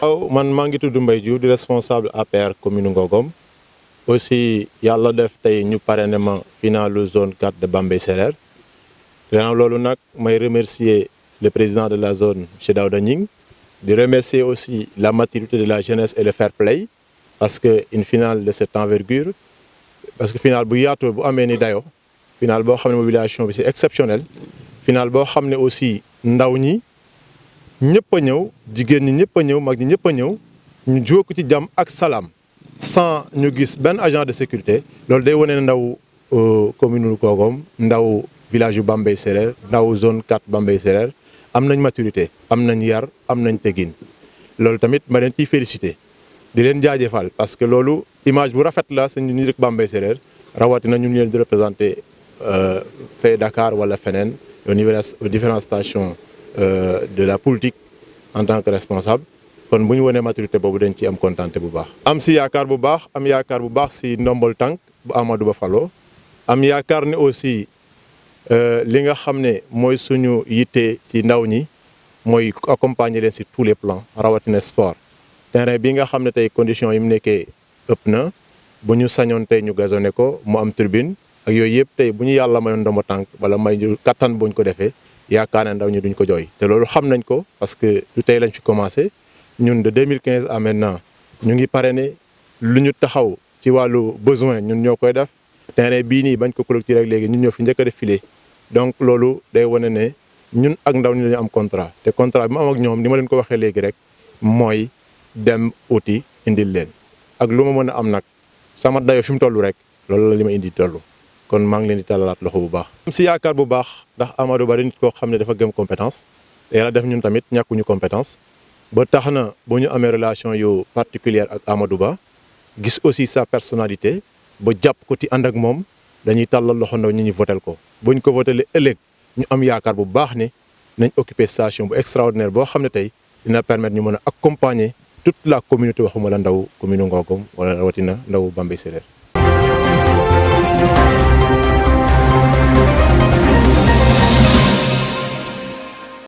waaw man maa ngi tudd mbay Diouf di responsable APR commune Ngogom aussi yàlla def tey ñu parrainé ma finalu zone 4 de Bambey Sérère gannaaw loolu nag may remercier le président de la zone monsieur Daouda Ning di remercier aussi la maturité de la jeunesse et le fair play parce que une finale de cette envergure parce que final bu yaato bu amee ni dayo finale boo xam ne mobilisation bi c'est exceptionnel finale boo xam ne aussi ndaw ñi ñëpp ñëw jigéen ñi ñëpp a ñëw mag ñi ñëpp a ñëw ñu jóge ko ci jàmm ak salaam sans ñu gis benn agent de sécurité loolu day wane ne ndaw euh, commune Koogom ndaw village yu Bambey Séréer ndaw zone 4 Bambey Séréer am nañ maturité am nañ yar am nañ tegin loolu tamit ma leen ciy félicité di leen jaajëfal parce que loolu image bu rafet la seen ñu dëkk Bambey Séréer rawatina ñu leen di représenté euh, fee Dakar wala feneen au niveau des différentes stations Euh, de la politique en tant que responsable kon bu ñu wonee maturité boobu dañ ci am kontaan bu baax. am si yaakaar bu baax am yaakaar bu baax si ndombol tànk bu Amadou Ba faloo am yaakaar ne aussi euh, li nga xam ne mooy suñu yitte ci ndaw ñi mooy accompagner leen si tous les plans rawatina sport. terrain bi nga xam ne tey conditions yi mu nekkee ëpp na bu ñu sañoon tey ñu gazonné ko mu am tribune ak yooyu yëpp tey bu ñu yàlla mayoon ndombo tànk wala may ñu kattan buñ ko defee. yaakaar na ndaw ñi duñ ko jooy te loolu xam nañ ko parce que du tey lañ fi commencé ñun de mille 2015 à maintenant ñu ngi pare parrainé lu ñu taxaw ci wàllu besoin ñun ñoo koy def terrain bii nii bañ ko clôturer ak léegi ñun ñoo fi njëkk a def filet donc loolu day wane ne ñun ak ndaw ñi lañu am contrat te contrat bi ma am ak ñoom ni ma leen ko waxee léegi rek mooy dem uti indil leen ak lu ma mën a am nag sama dayo fi mu toll rek loolu la li ma indi toll kon maa ngi leen di tàllalaat loxo bu baax. am si yaakaar bu baax ndax Amadou Ba nit koo xam ne dafa gëm compétence yàlla def ñun tamit ñàkkuñu compétence ba tax na bu ñu amee relation yu particulière ak amadu Ba gis aussi sa personnalité ba jàpp ko ti ànd ak moom dañuy tàllal loxo ndaw ñu ñu votel ko bu buñ ko votelee ëllëg ñu am yaakaar bu baax ni nañ occupé station bu extraordinaire boo xam ne tey dina permettre ñu mën a accompagner toute la communauté waxuma la ndaw commune Ngogom wala rawatina ndaw Bambey Séréer